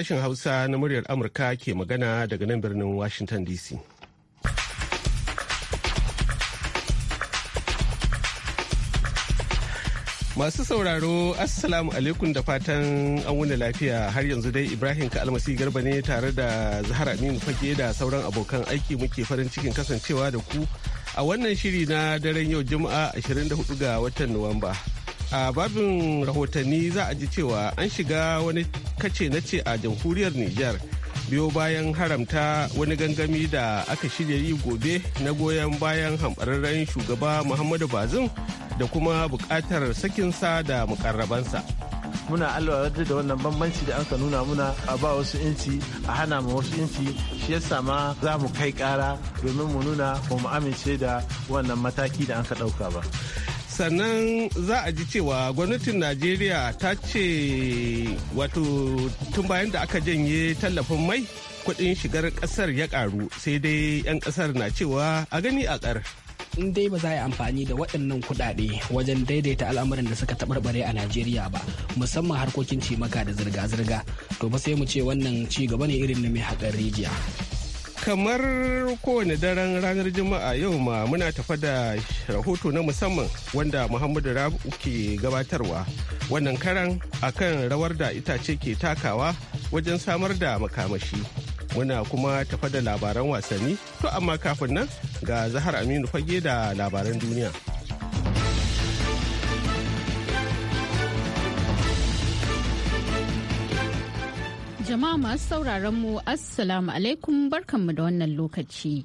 Sashen Hausa na muryar Amurka ke magana daga nan birnin Washington DC. Masu sauraro, Assalamu alaikum da fatan an wuni lafiya har yanzu dai Ibrahim ka almasi Garba ne tare da Zahara Aminu Fage da sauran abokan aiki muke farin cikin kasancewa da ku a wannan shiri na daren yau Juma'a 24 ga watan Nuwamba. a babin rahotanni za a ji cewa an shiga wani kace na ce a jamhuriyar niger biyo bayan haramta wani gangami da aka shirya yi gobe na goyon bayan hambararren shugaba muhammadu bazin da kuma bukatar sakinsa da mukarrabansa muna allah da wannan bambanci da aka nuna muna a ba wasu inci a hana ma wasu inci shi yasa ma za mu kai kara domin mu nuna ba mu amince da wannan mataki da an ka ɗauka ba sannan za a ji cewa gwamnatin najeriya ta ce wato tun bayan da aka janye tallafin mai kudin shigar kasar ya karu sai dai 'yan kasar na cewa a gani a kar in dai ba za a yi amfani da waɗannan kuɗaɗe wajen daidaita al'amuran da suka taɓarɓare a Najeriya ba musamman harkokin cimaka da zirga-zirga to ba sai mu ce wannan ci gaba ne irin na mai haƙar rijiya kamar kowane daren ranar juma'a yau ma muna tafa da rahoto na musamman wanda muhammadu rabu ke gabatarwa wannan karan akan rawar da itace ke takawa wajen samar da makamashi muna kuma tafa da labaran wasanni to amma kafin nan ga zahar aminu fage da labaran duniya Jama'a masu sauraron mu Assalamu alaikum barkanmu da wannan lokaci.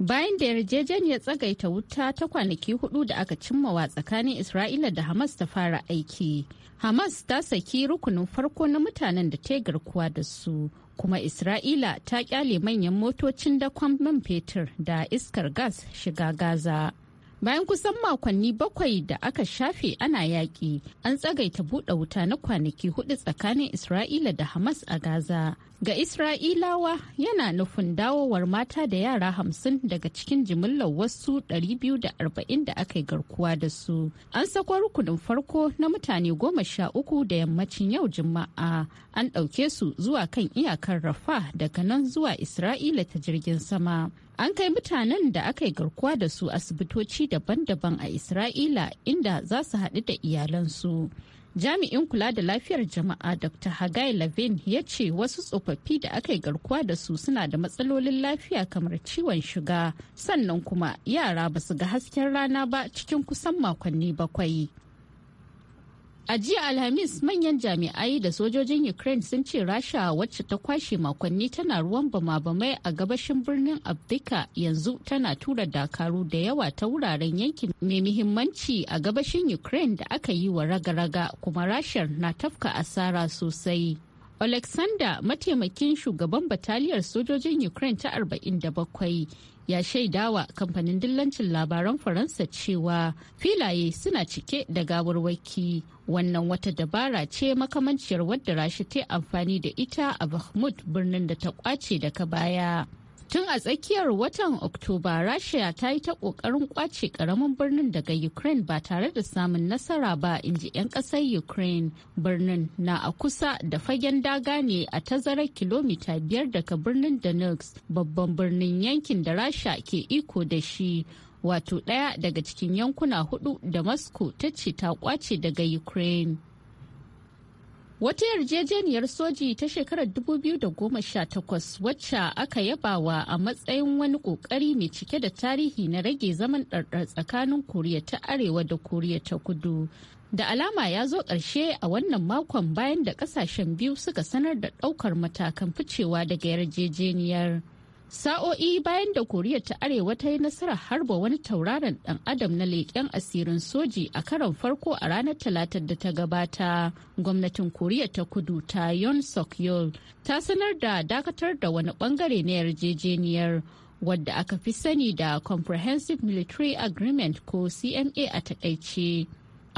Bayan da yarjejeniyar tsagaita wuta ta kwanaki hudu da aka cimmawa tsakanin Isra'ila da Hamas ta fara aiki. Hamas ta saki rukunin farko na mutanen da ta garkuwa da su, kuma Isra'ila ta kyale manyan motocin da man fetur da iskar gas shiga Gaza. Bayan kusan makonni bakwai da aka shafe ana yaƙi, an tsagaita buɗe wuta na kwanaki hudu tsakanin Isra'ila da Hamas a Gaza. Ga Isra'ilawa yana nufin dawowar mata da yara hamsin daga cikin jimillar wasu 240 da aka yi garkuwa da su. An sako rukunin farko na mutane goma sha uku da yammacin yau Juma'a. An ɗauke su zuwa kan iyakar Rafa daga nan zuwa Isra'ila ta jirgin sama. An kai mutanen da aka yi garkuwa da su asibitoci daban-daban a Isra'ila inda za su haɗu da iyalansu. Jami'in kula da lafiyar jama'a Dr. Hagai Levin ya ce wasu tsofaffi da aka yi garkuwa da su suna da matsalolin lafiya kamar ciwon shiga sannan kuma yara ba su ga hasken rana ba cikin kusan makonni bakwai. A jiya Alhamis manyan jami'ai da sojojin Ukraine sun ce Rasha wacce ta kwashe makonni tana ruwan bama-bamai a gabashin birnin Abdika yanzu tana tura dakaru da yawa ta wuraren yankin mai muhimmanci a gabashin Ukraine da aka yi wa raga-raga kuma Rashar na tafka asara sosai. Alexander mataimakin shugaban bataliyar sojojin Ukraine ta 47 ya shaidawa kamfanin dillancin labaran faransa cewa filaye suna cike da gawarwaki wannan wata dabara ce makamanciyar wadda rashi ta amfani da ita a bahmut birnin da ta kwace daga baya Tun a tsakiyar watan Oktoba, Rasha ta yi ta kokarin kwace karamin birnin daga Ukraine ba tare da samun nasara ba, in ji 'yan ƙasar Ukraine. Birnin na a kusa da fagen daga ne a tazarar kilomita biyar daga birnin danux babban birnin yankin da Rasha ke iko da shi. Wato daya daga cikin yankuna hudu da Moscow ta ce ta kwace daga Ukraine. Wata yarjejeniyar soji ta shekarar 2018 wacce aka yabawa a matsayin wani kokari mai cike da tarihi na rage zaman ɗarɗar tsakanin Koriya ta Arewa da Koriya ta Kudu. Da alama ya zo ƙarshe a wannan makon bayan da ƙasashen biyu suka sanar da ɗaukar matakan ficewa daga yarjejeniyar. sa'o'i bayan da koriya ta arewa ta yi nasarar harba wani tauraron dan adam na leƙen asirin soji a karon farko a ranar talatar da ta gabata gwamnatin koriya ta kudu ta yon sok yol ta sanar da dakatar da wani bangare na yarjejeniyar wadda aka fi sani da comprehensive military agreement ko cma a takaice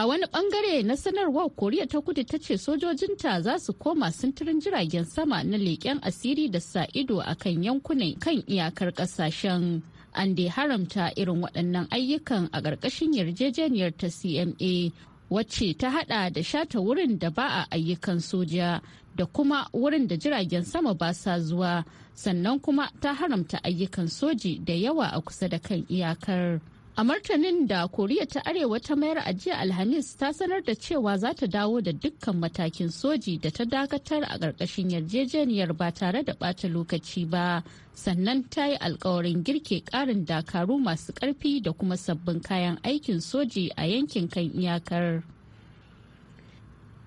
A wani bangare na sanarwar Koriya ta kudu ta ce sojojinta za su koma sintirin jiragen sama na leƙen asiri da sa ido a kan yankunan kan iyakar ƙasashen. An dai haramta irin waɗannan ayyukan a ƙarƙashin yarjejeniyar ta CMA wacce ta haɗa da shata wurin da ba a ayyukan soja da kuma wurin da jiragen sama ba sa zuwa sannan kuma ta haramta ayyukan soji da yawa a kusa da kan iyakar. A martanin da Koriya ta Arewa ta mayar ajiya Alhamis ta sanar da cewa za ta dawo da dukkan matakin soji da ta dakatar a ƙarƙashin yarjejeniyar ba tare da ɓata lokaci ba. Sannan ta yi alkawarin girke ƙarin dakaru masu ƙarfi da kuma sabbin kayan aikin soji a yankin kan iyakar.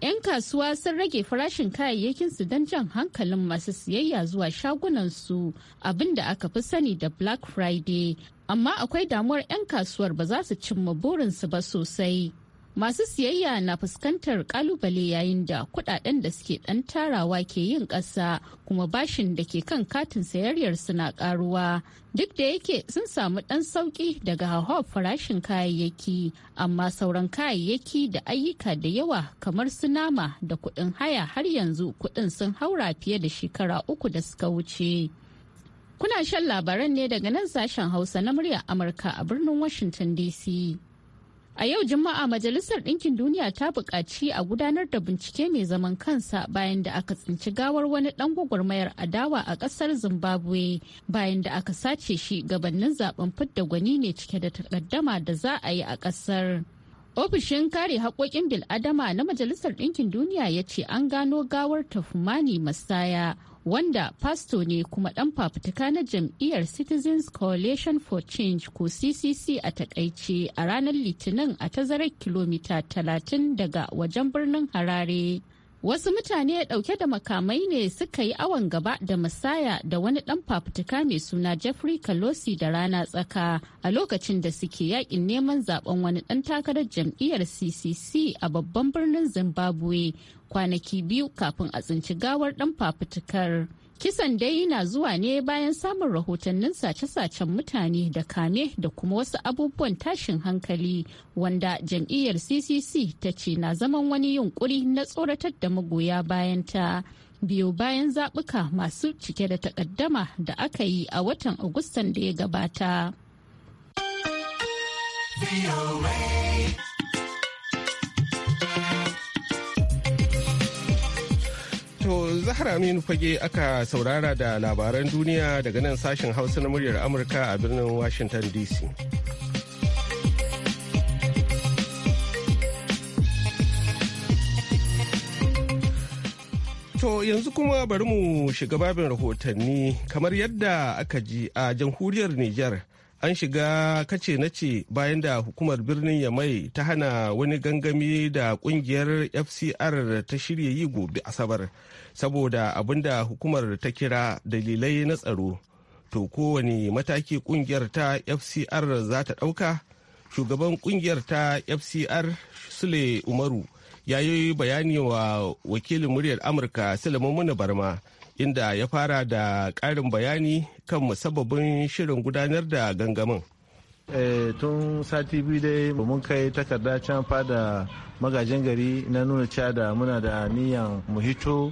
'Yan kasuwa sun rage farashin kayayyakin su don jan hankalin masu siyayya zuwa shagunansu abinda aka fi sani da Black Friday amma akwai damuwar 'yan kasuwar ba za su cimma burinsu ba sosai. Masu siyayya na fuskantar kalubale yayin da kudaden da suke dan tarawa ke yin ƙasa kuma bashin da ke kan katin sayayyar na ƙaruwa duk da yake sun samu ɗan sauki daga hauhawar farashin kayayyaki amma sauran kayayyaki da ayyuka da yawa kamar su nama da kuɗin haya har yanzu kuɗin sun haura fiye da shekara uku da suka wuce. Kuna shan labaran ne daga nan sashen Hausa na muryar Amurka a birnin Washington DC. A yau Juma'a Majalisar Ɗinkin Duniya ta buƙaci a gudanar da bincike mai zaman kansa bayan da aka tsinci gawar wani ɗan gwagwarmayar adawa a ƙasar Zimbabwe bayan da aka sace shi gabanin zaben fidda gwani ne cike da takaddama da za a yi a ƙasar. Ofishin kare haƙoƙin bil'adama na Majalisar Ɗinkin Duniya ya ce an gano gawar Tafumani Masaya wanda fasto ne kuma ɗan fafutuka na jam'iyyar Citizens Coalition for Change ko CCC a takaice a ranar Litinin a tazarar kilomita 30 daga wajen birnin Harare. wasu mutane dauke da makamai ne suka yi awon gaba da masaya da wani dan fafutuka mai suna jeffrey kalosi da rana tsaka a lokacin da suke yakin neman zaben wani dan takarar jam'iyyar ccc a babban birnin zimbabwe kwanaki biyu kafin a tsinci gawar dan fafutukar Kisan dai na zuwa ne bayan samun rahotannin sace-sacen mutane da kame da kuma wasu abubuwan tashin hankali wanda jam'iyyar CCC ta ce na zaman wani yunkuri na tsoratar da magoya bayan ta biyo bayan zaɓuka masu cike da takaddama da aka yi a watan Agustan da ya gabata. To Zahra Aminu fage aka saurara da labaran duniya daga nan sashen Hausa na muryar Amurka a birnin Washington DC. To yanzu kuma bari mu shiga babin rahotanni kamar yadda aka ji a jamhuriyar Nijar. an shiga kace na ce bayan da hukumar birnin yamai ta hana wani gangami da kungiyar fcr ta shirya yi gobe asabar saboda abinda hukumar ta kira dalilai na tsaro to kowane mataki kungiyar ta fcr za ta ɗauka shugaban kungiyar ta fcr sule umaru ya yi bayani wa wakilin muryar amurka sulaiman muna barma inda ya fara da karin bayani kan musabbabin shirin gudanar da gangamin eh, tun sati biyu dai mun kai takarda can fada magajin gari na nuna cewa da muna da niyan mu hito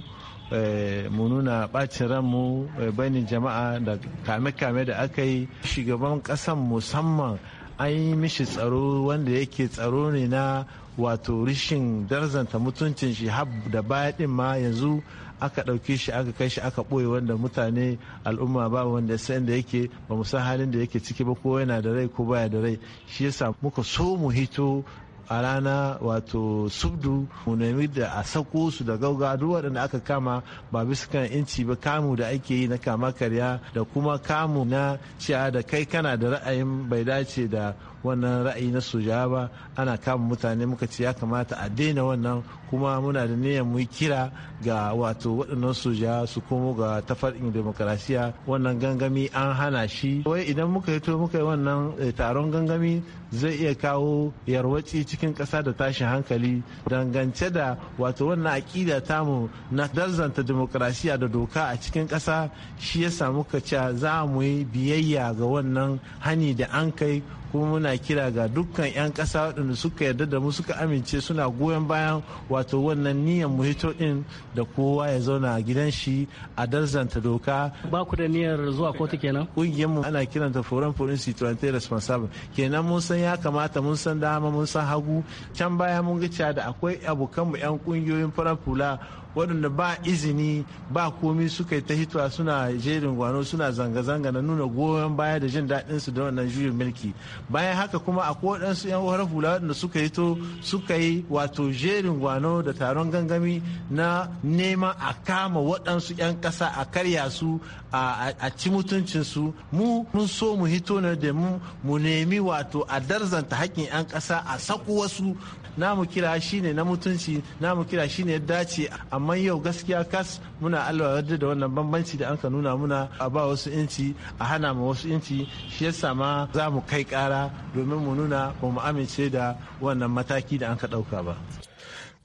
eh, mu nuna bacin ranmu eh, bainin jama'a da kame-kame da aka yi shugaban kasan musamman an yi mishi tsaro wanda yake tsaro ne na wato rishin darzanta mutuncin shi hab da baya din ma yanzu aka ɗauke shi aka kai shi aka ɓoye wanda mutane al'umma ba wanda san da yake ba mu san halin da yake ciki ba ko yana da rai ko baya da rai shi yasa muka so mu hito a rana wato subdu mu nemi da a sako su da gauga duk waɗanda aka kama ba bisa kan inci ba kamu da ake yi na kama karya da kuma kamu na cewa da kai kana da ra'ayin bai dace da wannan ra'ayi na soja ba ana kama mutane muka ce ya kamata a daina wannan kuma muna da niyyar mu kira ga wato waɗannan soja su komo ga tafarin demokarasiya wannan gangami an hana shi wai idan muka yi to muka yi wannan eh, taron gangami zai iya kawo yarwaci cikin ƙasa da tashin hankali dangance da wato wannan aƙida tamu na darzanta demokarasiya da doka a cikin ƙasa shi yasa muka ce za mu yi biyayya ga wannan hani da an kai kuma muna kira ga dukkan 'yan kasa waɗanda suka yarda da mu suka amince suna goyon bayan wato wannan niyan muhito ɗin da kowa ya zauna a gidan shi a darzanta doka ba ku da niyyar zuwa kotu kenan ƙungiyar mu ana kiranta forum forum situante responsable kenan mun san ya kamata mun san dama mun san hagu can baya mun ga da akwai abokan mu 'yan ƙungiyoyin farar fula waɗanda ba izini ba komi suka yi ta hitowa suna jerin gwano suna zanga-zanga na nuna goyon baya da jin daɗin su da wannan juyin mulki bayan haka kuma akwai waɗansu 'yan uwar hula waɗanda suka hito suka yi wato jerin gwano da taron gangami na nema a kama waɗansu 'yan ƙasa a karya su a ci mutuncinsu mu mun so mu hito ne da mu mu nemi wato a darzanta haƙƙin 'yan ƙasa a saku wasu namu kira shine na mutunci namu kira shine ya dace amma yau gaskiya kas muna allah da wannan bambanci da an ka nuna muna a ba wasu inci a hana ma wasu inci shi yasa ma za mu kai kara domin mu nuna ba mu amince da wannan mataki da an ka ɗauka ba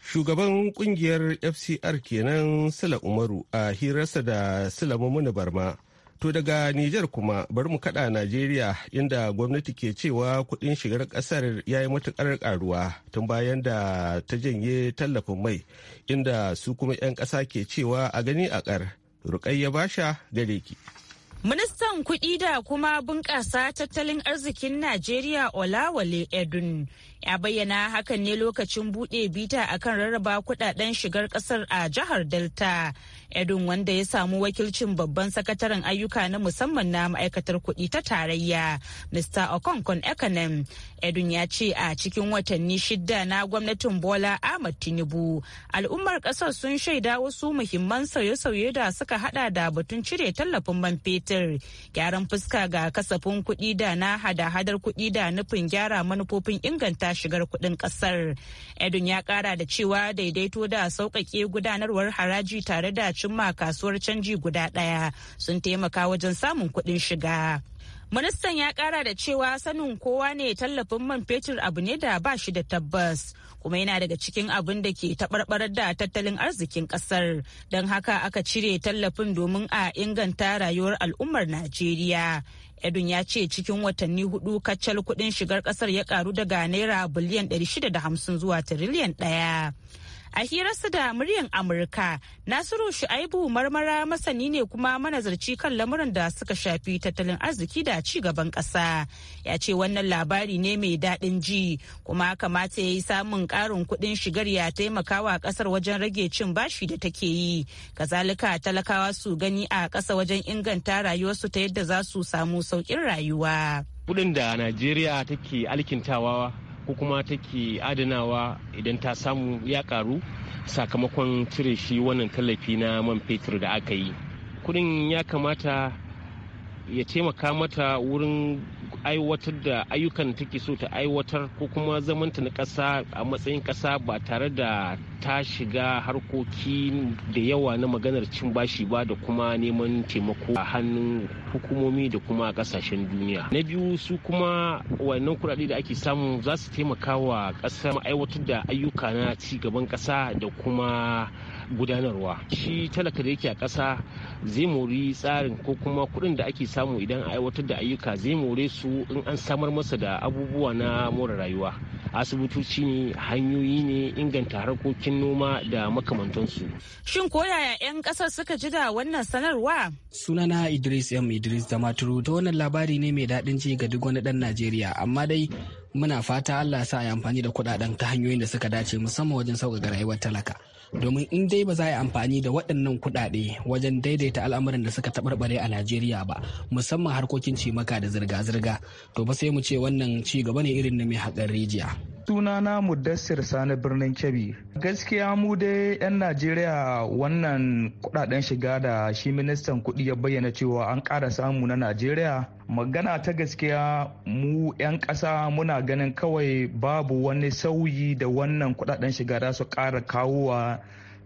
shugaban kungiyar fcr kenan sila umaru a hirarsa da sila mamuni barma To daga Nijar kuma bari mu kada Najeriya inda gwamnati ke cewa kudin shigar kasar ya yi matukar karuwa tun bayan da ta janye tallafin mai inda su kuma 'yan ƙasa ke cewa a gani a ƙar. Rukayya sha gare ki. Ministan kuɗi da kuma bunƙasa tattalin arzikin Najeriya Olawale Edun ya bayyana hakan ne lokacin buɗe bita akan rarraba kuɗaɗen shigar ƙasar a jihar Delta. Edun wanda ya samu wakilcin babban sakataren ayyuka na musamman na ma'aikatar kuɗi ta tarayya, Mr. Okonkon Ekanem. Edun ya ce a cikin watanni shidda na gwamnatin Bola Ahmad Tinubu, al'ummar ƙasar sun shaida wasu muhimman sauye-sauye da suka hada da batun cire tallafin man fetur. fetur gyaran fuska ga kasafin kuɗi da na hada-hadar kuɗi da nufin gyara manufofin inganta shigar kuɗin ƙasar edun ya ƙara da cewa daidaito da sauƙaƙe gudanarwar haraji tare da cimma kasuwar canji guda ɗaya sun taimaka wajen samun kuɗin shiga Ministan ya kara da cewa sanin kowa ne tallafin man fetur abu ne da ba shi da tabbas kuma yana daga cikin abin da ke taɓarɓarar da tattalin arzikin ƙasar don haka aka cire tallafin domin a inganta rayuwar al'ummar Najeriya. Edun ya ce cikin watanni hudu kacal kudin shigar ƙasar ya karu daga naira biliyan 650 zuwa tiriliyan ɗaya. A hirarsa da muryan Amurka, Nasiru Shu'aibu marmara masani ne kuma manazarci kan lamuran da suka shafi tattalin arziki da ci gaban ƙasa. Ya ce wannan labari ne mai daɗin ji, kuma kamata ya yi samun ƙarin kuɗin shigar ya taimakawa ƙasar wajen rage cin bashi da take yi. Kazalika talakawa su gani a ƙasa wajen inganta rayuwarsu ta yadda za su samu sauƙin rayuwa. Kuɗin da Najeriya take alkintawa ko kuma take adanawa idan ta samu ya karu sakamakon cire shi wannan tallafi na man fetur da aka yi kudin ya kamata ya taimaka mata wurin aiwatar da ayyukan da take so ta aiwatar ko kuma zamanta na ƙasa a matsayin ƙasa ba tare da ta shiga harkoki da yawa na maganar cin bashi ba da kuma neman taimako a hannun hukumomi da kuma ƙasashen duniya na biyu su kuma wannan kuɗaɗe da ake samu za su taimaka wa ƙasa aiwatar da ayyuka na ci gaban ƙasa da kuma gudanarwa shi talaka da yake a ƙasa zai mori tsarin ko kuma kuɗin da ake samu idan a aiwatar da ayyuka zai more su in an samar masa da abubuwa na more rayuwa asibitoci ne hanyoyi ne inganta harkokin noma da makamantansu shin ko yaya 'yan ƙasar suka ji da wannan sanarwa sunana idris m idris da maturu ta wannan labari ne mai daɗin ci ga duk wani ɗan najeriya amma dai muna fata allah sa a amfani da kuɗaɗen ta hanyoyin da suka dace musamman wajen sauƙaƙa rayuwar talaka domin in dai ba za a yi amfani da waɗannan kuɗaɗe wajen daidaita al'amuran da suka taɓarɓare a najeriya ba musamman harkokin cimaka da zirga-zirga to ba sai mu ce wannan ci gaba ne irin na mai haƙar rijiya suna sunana Mudassir Sani birnin Kebbi. Gaskiya mu dai 'yan Najeriya wannan kudaden shiga da shi ministan kudi ya bayyana cewa an kara samu na Najeriya. Magana ta gaskiya mu 'yan kasa muna ganin kawai babu wani sauyi da wannan kudaden shiga da su kara kawowa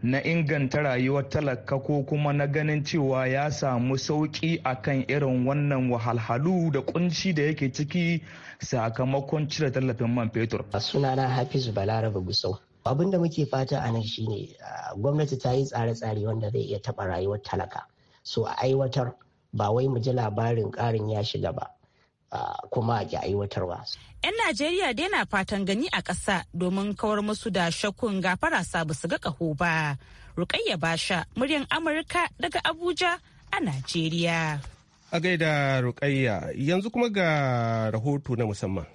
na inganta rayuwar talaka ko kuma na ganin cewa ya samu sauƙi akan irin wannan wahalhalu da kunci da yake ciki sakamakon cire tallafin man fetur. A sunana hafizu balarabe gusau abin da muke fata a nan shine gwamnati ta yi tsare-tsare wanda zai iya taɓa rayuwar talaka so a aiwatar ba wai mu ji labarin ƙarin ya shiga ba kuma a aiwatarwa. 'Yan Najeriya dai na fatan gani a ƙasa domin kawar musu da shakkun gafara sabu su ga ƙaho ba. Rukayya Basha, muryan Amurka daga Abuja a Najeriya. A gaida Rukayya, yanzu kuma ga rahoto na musamman.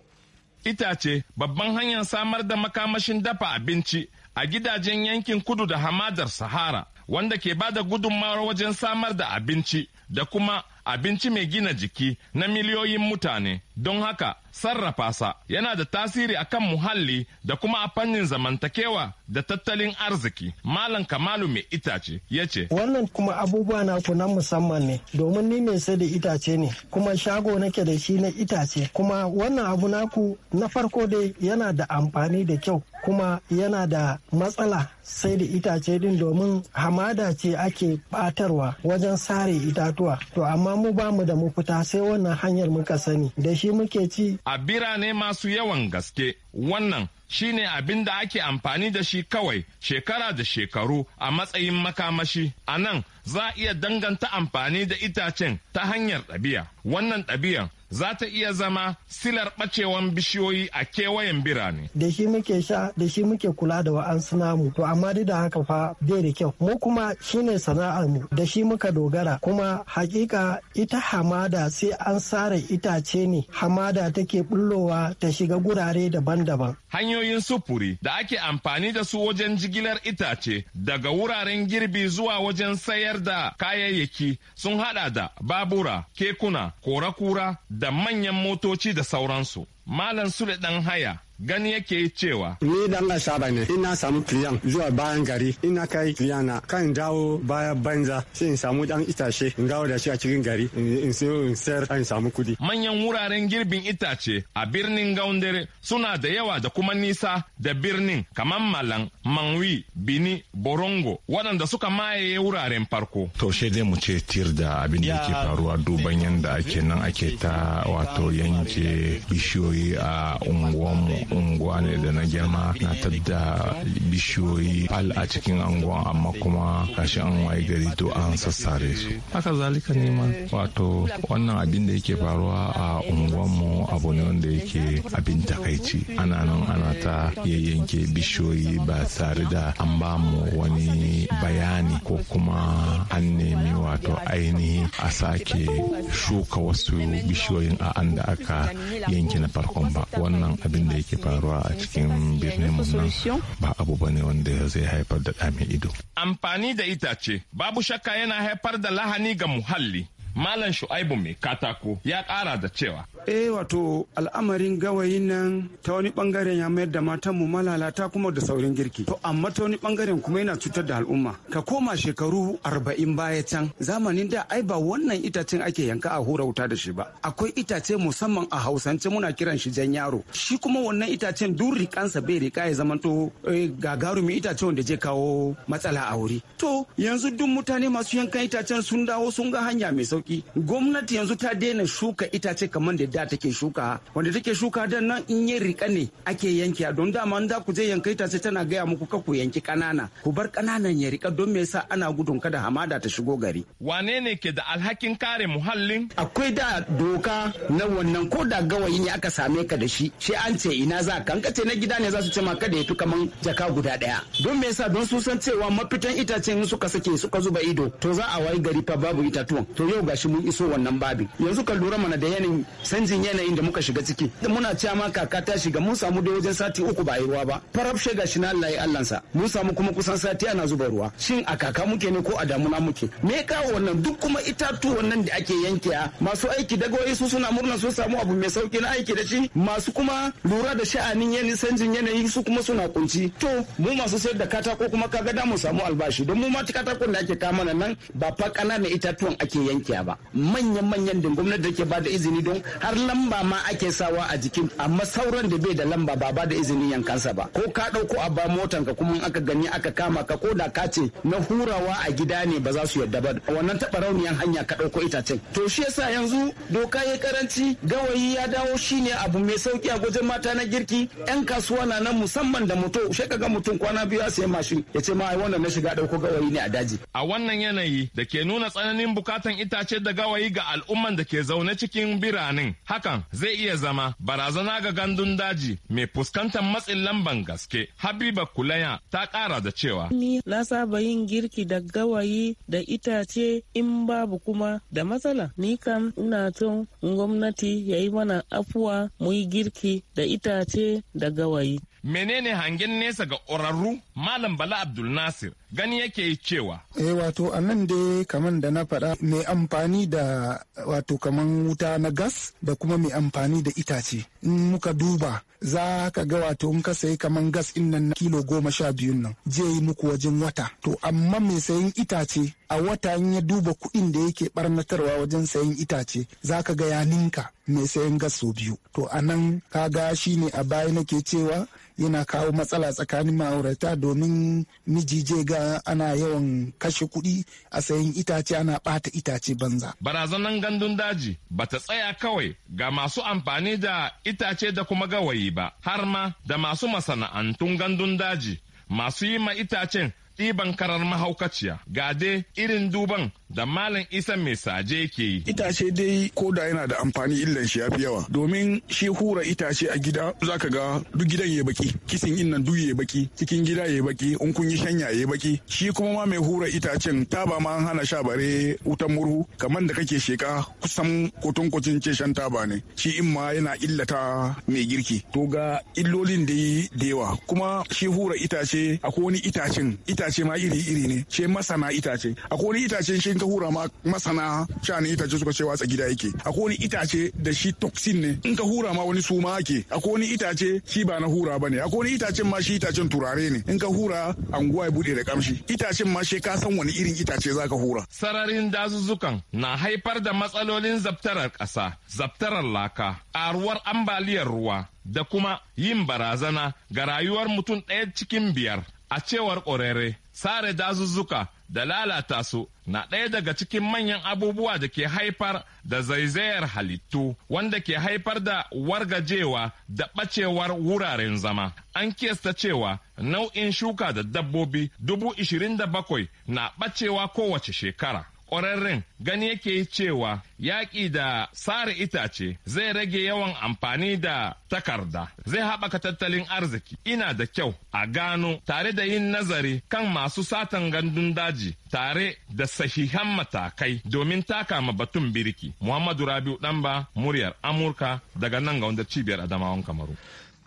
Itace babban hanyar samar da makamashin dafa abinci a gidajen yankin kudu da hamadar Sahara, wanda ke ba da gudunmawar wajen samar da abinci da kuma abinci mai gina jiki na miliyoyin mutane don haka sarrafa sa yana da tasiri a kan muhalli da kuma a fannin zamantakewa da tattalin arziki malam kamalu mai itace ya ce wannan kuma abubuwa na na musamman ne domin ni mai sai da itace ne kuma shago nake da shi na itace kuma wannan abu naku na farko dai yana da amfani da kyau kuma yana da matsala sai da itace din domin hamada ce ake batarwa wajen sare itatuwa to amma mu mu da mafita sai wannan hanyar muka sani da shi shi muke ci. A birane masu yawan gaske wannan shi ne abin da ake amfani da shi kawai shekara da shekaru a matsayin makamashi a nan za a iya danganta amfani da itacen ta hanyar ɗabi'a wannan ɗabi'an za ta iya zama silar bacewan bishiyoyi a kewayen birane. Da shi muke sha da shi muke kula da wa'ansu namu to amma duk da haka fa bai da kyau mu kuma shine sana'ar mu da shi muka dogara kuma hakika ita hamada sai an sare itace ne hamada take bullowa ta shiga gurare daban-daban. Hanyoyin sufuri da ake amfani da su wajen jigilar itace daga wuraren girbi zuwa wajen sayar da kayayyaki sun hada da babura, kekuna, kora-kura da manyan motoci da sauransu. Malam Sule ɗan haya gani yake cewa ni dan saba ne ina samu kiliyan zuwa bayan gari ina kai na kan dawo baya banza sai in samu dan itace in dawo da shi a cikin gari in sayo in sayar in samu kudi manyan wuraren girbin itace a birnin Gaundere suna da yawa da kuma nisa da birnin kamar malan manwi bini borongo waɗanda suka maye wuraren farko to shi dai mu ce tir da abin da yake faruwa duban yanda ake nan ake ta wato yanke bishiyoyi a unguwanmu unguwa ne da na girma na tadda bishiyoyi fal a cikin anguwa amma kuma kashi an waye gari to an sassare su haka zalika ne ma wato wannan abin da yake faruwa a unguwanmu abu ne wanda yake abin takaici ana nan ana ta yayyanke bishiyoyi ba tare da an ba mu wani bayani ko kuma an nemi wato ainihi a sake shuka wasu bishiyoyin a an da aka yanke na farkon ba wannan abin da yake ke faruwa a cikin birnin nan ba abu bane wanda zai haifar da ɗa ido. Amfani da itace babu shakka yana haifar da lahani ga muhalli Malam Shu'aibu mai katako ya ƙara da cewa. Eh wato al'amarin gawayin nan ta wani bangaren ya mayar da mu malalata kuma da saurin girki. To amma ta wani bangaren kuma yana cutar da al'umma. Ka koma shekaru arba'in baya can zamanin da ai ba wannan itacen ake yanka a hura wuta da shi ba. Akwai itace musamman a hausance muna kiran shi jan yaro. Shi kuma wannan itacen duk rikansa bai rika ya to eh, gagarumin itace wanda je kawo matsala a wuri. To yanzu duk mutane masu yankan itacen sun dawo sun ga hanya mai sauki. sauki gwamnati yanzu ta daina shuka itace kamar da da take shuka wanda take shuka dan nan in yin rika ne ake a don dama da ku je yanka itace tana gaya muku ka ku yanki kanana ku bar kananan ya rika don me yasa ana gudun kada hamada ta shigo gari wane ne ke da alhakin kare muhallin akwai da doka na wannan ko da gawayi ne aka same ka da shi shi an ce ina za ka ce na gida ne za su ce ma kada ya tuka kaman jaka guda daya don me yasa don su san cewa mafitan itacen suka sake suka zuba ido to za a wayi gari fa babu itatuwan to yau gashi mun iso wannan babi yanzu ka lura mana da yanayin canjin yanayin da muka shiga ciki da muna cewa ma kaka ta shiga mun samu da wajen sati uku ba ruwa ba shega shi na Allah ya Allahnsa mun samu kuma kusan sati ana zuba ruwa shin a kaka muke ne ko a damuna muke me ka wannan duk kuma itatu wannan da ake yankewa masu aiki daga su suna murna su samu abu mai sauki na aiki da shi masu kuma lura da sha'anin yanayin canjin yanayi su kuma suna kunci to mu masu sayar da katako kuma kaga da mu samu albashi don mu ma katakon da ake kama nan ba fa ƙananan itatuwan ake yanke saya ba manyan manyan da gwamnati ke ba da izini don har lamba ma ake sawa a jikin amma sauran da bai da lamba ba ba da izinin yankansa ba ko ka dauko a ba motan ka kuma aka gani aka kama ka ko da ka ce na hurawa a gida ne ba za su yarda ba wannan taɓa rauniyan hanya ka dauko itacen to shi yasa yanzu doka ya karanci gawayi ya dawo shine abu mai sauki a gwajin mata na girki yan kasuwa na nan musamman da mutum shi ga mutum kwana biyu ya sayi mashin ya ce ma wannan na shiga dauko gawayi ne a daji a wannan yanayi da ke nuna tsananin bukatan itace ce da gawayi ga al'umman da ke zaune cikin biranen. Hakan zai iya zama barazana ga gandun daji mai fuskantar matsin lamban gaske. Habiba Kulaya ta kara da cewa. Ni na saba yin girki da gawayi da itace in babu kuma da matsala. Ni kam ina tun gwamnati ya yi mana afuwa mu yi girki da itace da gawayi. Menene hangen nesa ga ƙwararru Malam Bala Abdul Nasir gani yake cewa. Eh wato a nan dai kaman da na faɗa mai amfani da wato kaman wuta na gas da kuma mai amfani da itace. In muka duba za ka ga wato in ka sayi kaman gas in nan kilo goma sha biyun nan je yi muku wajen wata. To amma mai sayin itace a wata in ya duba kuɗin da yake barnatarwa wajen sayin itace za ka ga ya ninka mai sayan gas sau biyu. To a nan ka ga shi ne a baya nake cewa yana kawo matsala tsakanin ma'aurata domin miji je banza ana yawan kashe kuɗi a sayan itace ana ɓata itace banza. Barazanan gandun daji ba ta tsaya kawai ga masu amfani da itace da kuma gawayi ba, har ma da masu masana'antun gandun daji masu yi ma itacen ɗiban karar mahaukaciya. gade irin duban da Malam Isa mai saje ke yi. Itace dai ko da yana da amfani illan shi ya fi yawa domin shi hura itace a gida Za ka ga duk gidan ya baki kisin in duk ya baki cikin gida ya baki in kun yi shanya ya baki shi kuma ma mai hura itacen ba ma hana sha bare wutan murhu kamar da kake sheka kusan kotun kocin ce shan taba ne shi in ma yana illata mai girki to ga illolin da yi da yawa kuma shi hura itace akwai wani itacen itace ma iri iri ne ce masana itace akwai wani itacen shi in ka hura ma masana sha'anin itace suka cewa tsaki da yake akwai wani itace da shi toxin ne in ka hura ma wani suma ake akwai wani itace shi ba na hura bane akwai wani itacen ma shi itacen turare ne in ka hura anguwa ya bude da kamshi itacen ma shi ka san wani irin itace zaka hura sararin dazuzzukan na haifar da matsalolin zabtarar ƙasa zabtarar laka ƙaruwar ambaliyar ruwa da kuma yin barazana ga rayuwar mutum ɗaya cikin biyar a cewar ƙorere sare dazuzzuka da lalata su na ɗaya daga cikin manyan abubuwa da ke haifar da zaizayar halittu wanda ke haifar da wargajewa da ɓacewar wuraren zama. An kesta cewa nau'in shuka da dabbobi dubu ishirin da bakwai na ɓacewa kowace shekara. ƙwararren gani yake cewa yaƙi da sare itace zai rage yawan amfani da takarda zai haɓaka tattalin arziki ina da kyau a gano tare da yin nazari kan masu satan gandun daji tare da sahihan matakai domin taka ma batun birki muhammadu rabiu ɗanba muryar amurka daga nan ga wanda cibiyar adamawan kamaru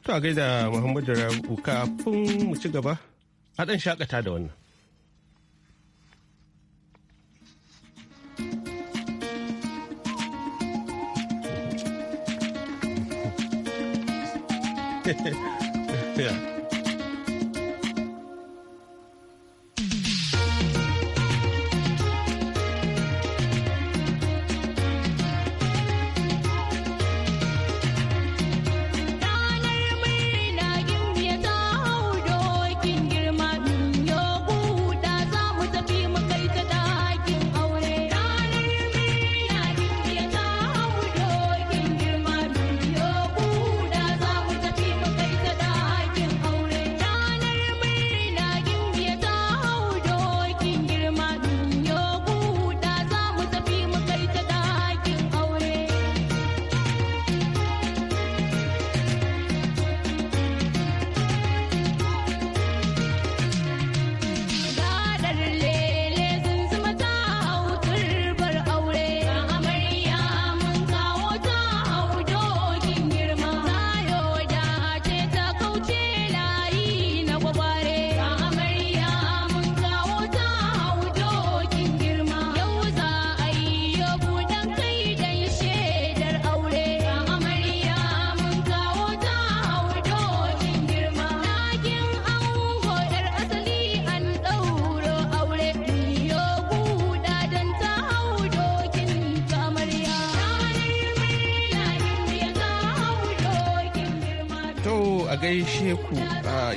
to a gaida muhammadu rabiu kafin mu ci gaba a ɗan shakata da wannan 对。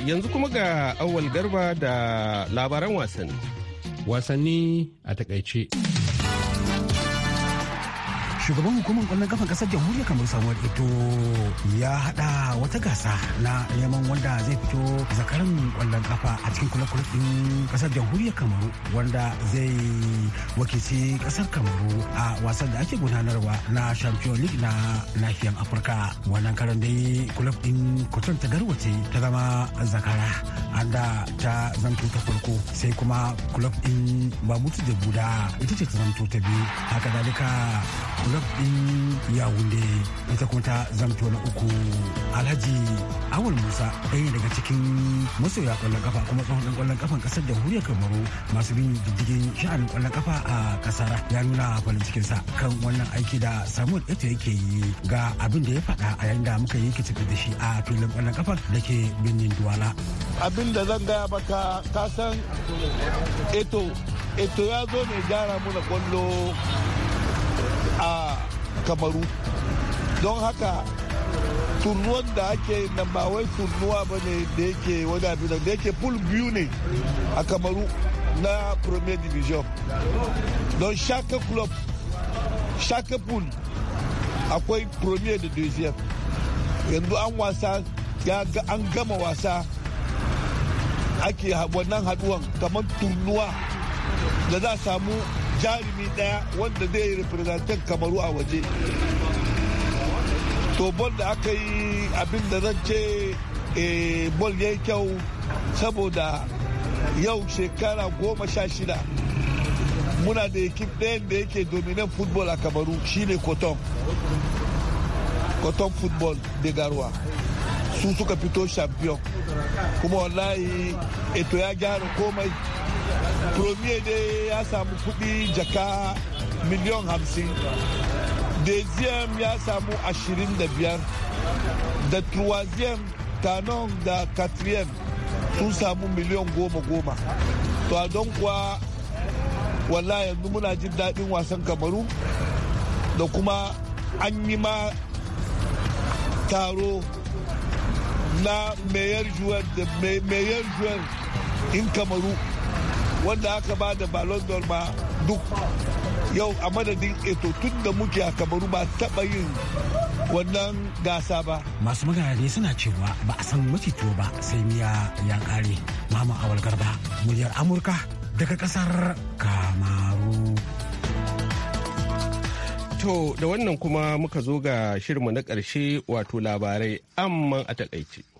yanzu kuma ga awal garba da labaran wasanni. Wasanni a takaice. shugaban hukumar kwallon kafan kasar jamhuriyar kamar samuwar ito ya hada wata gasa na neman wanda zai fito zakaran kwallon kafa a cikin kula-kula din kasar jamhuriyar kamaru wanda zai wakilci kasar kamaru a wasan da ake gudanarwa na champion league na nahiyar afirka wannan karan dai kula din kotun ta garwace ta zama zakara anda ta zanto ta farko sai kuma kula din ba mutu da buda ita ce ta zanto ta biyu haka dalika kulob din yawunde ita kuma ta zamto na uku alhaji awul musa ɗaya daga cikin masoya kwallon kafa kuma tsohon ɗan kwallon kafan ƙasar jamhuriyar kamaru masu bin diddigin sha'anin kwallon kafa a ƙasar ya nuna farin sa kan wannan aiki da samuel eto yake yi ga abin da ya faɗa a yayin da muka yi kicibi da shi a filin kwallon kafa da ke birnin duwala abin da zan gaya maka ka san eto eto ya zo ne gyara mu da kwallo a kamaru don haka turnuwan da ake nan ba wai turnuwa ba ne da yake wani abin da yake full biyu ne a kamaru na premier division don shaka club shaka pool akwai premier da deuxième yanzu an wasa an gama wasa ake wannan haduwan kamar turnuwa da za samu jarumi daya wanda zai yi representan kamaru a waje to bol da aka yi abin da zan ce eh, bol ya yi kyau saboda yau shekara goma sha shida muna da ekip ɗayan da yake dominan football a kamaru shine cotton cotton football da garuwa su suka fito champion kuma wallahi eto ya gyara komai premier dai ya samu kuɗi jaka miliyan hamsin deuxième ya samu ashirin da biyar da troisième tanon da quatrième sun samu miliyan goma goma to a don kuwa wala yanzu muna jin daɗin wasan kamaru da kuma an yi ma taro na mayor juwel in kamaru wanda aka ba da ballon d'or ba duk yau a madadin eto tun da muke a kamaru ba taba yin wannan gasa ba. Masu magana suna cewa ba a san mafito ba sai miya ya kare. Mama Awal Garba, muryar Amurka daga kasar Kamaru. To da wannan kuma muka zo ga shirma na ƙarshe wato labarai amma a takaice.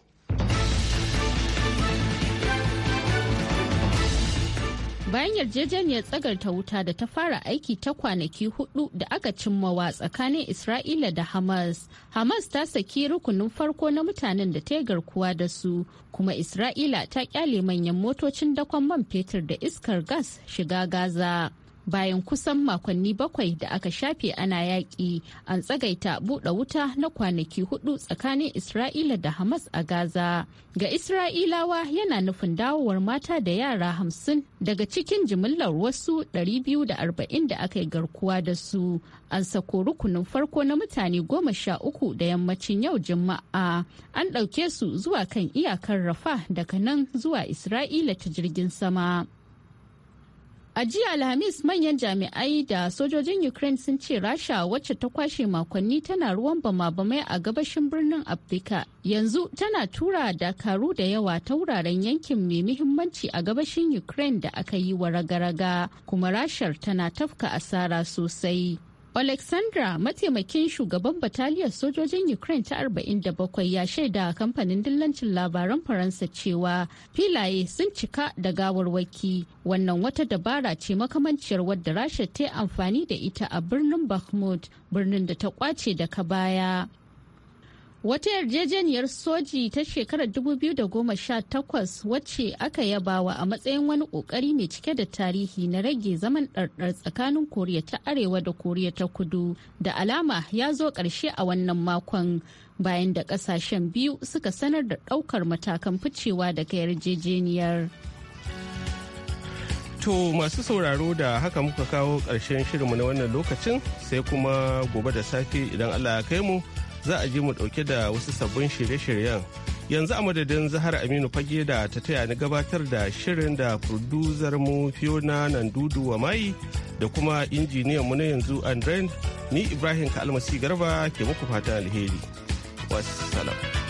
bayan yarjejeniyar tsagarta wuta da ta fara aiki ta kwanaki hudu da aka cimmawa tsakanin isra'ila da hamas hamas ta saki rukunin farko na mutanen da ta garkuwa da su kuma isra'ila ta kyale manyan motocin dakon man fetur da iskar gas shiga gaza bayan kusan makonni bakwai da aka shafe ana yaƙi an tsagaita buɗe wuta na kwanaki hudu tsakanin isra'ila da hamas a gaza ga isra'ilawa yana nufin dawowar mata da yara hamsin daga cikin jimillar wasu 240 da aka yi garkuwa da su an sako rukunin farko na mutane goma sha uku da yammacin yau juma'a an ɗauke su zuwa kan iyakar rafa daga nan zuwa isra'ila ta jirgin sama A jiya Alhamis manyan jami'ai da sojojin Ukraine sun ce Rasha wacce ta kwashe makonni tana ruwan bama-bamai a gabashin birnin Afrika, yanzu tana tura dakaru da yawa ta wuraren yankin mai muhimmanci a gabashin Ukraine da aka yi wa raga-raga kuma Rashar tana tafka asara sosai. Alexandra mataimakin shugaban bataliyar sojojin Ukraine ta 47 ya shaida kamfanin dillancin labaran Faransa cewa filaye sun cika da gawarwaki wannan wata dabara ce makamanciyar wadda Rasha ta yi amfani da ita a birnin Bakhmut birnin da ta kwace daga baya. Wata yarjejeniyar soji ta shekarar 2018 wacce aka yabawa a matsayin wani kokari mai cike da tarihi na rage zaman ɗarɗar tsakanin Koriya ta Arewa da Koriya ta Kudu da alama ya zo ƙarshe a wannan makon bayan da ƙasashen biyu suka sanar da ɗaukar matakan ficewa daga yarjejeniyar. To masu sauraro da haka muka kawo ƙarshen shirinmu na wannan lokacin sai kuma gobe da safe idan Allah ya kai mu za a ji mu dauke da wasu sabbin shirye-shiryen yanzu a madadin zahar aminu fage da ta taya ni gabatar da shirin da producer mu fiona dudu wa mai da kuma injiniyan mu na yanzu andren ni ibrahim kalmasi garba ke muku fatan alheri wasu salam.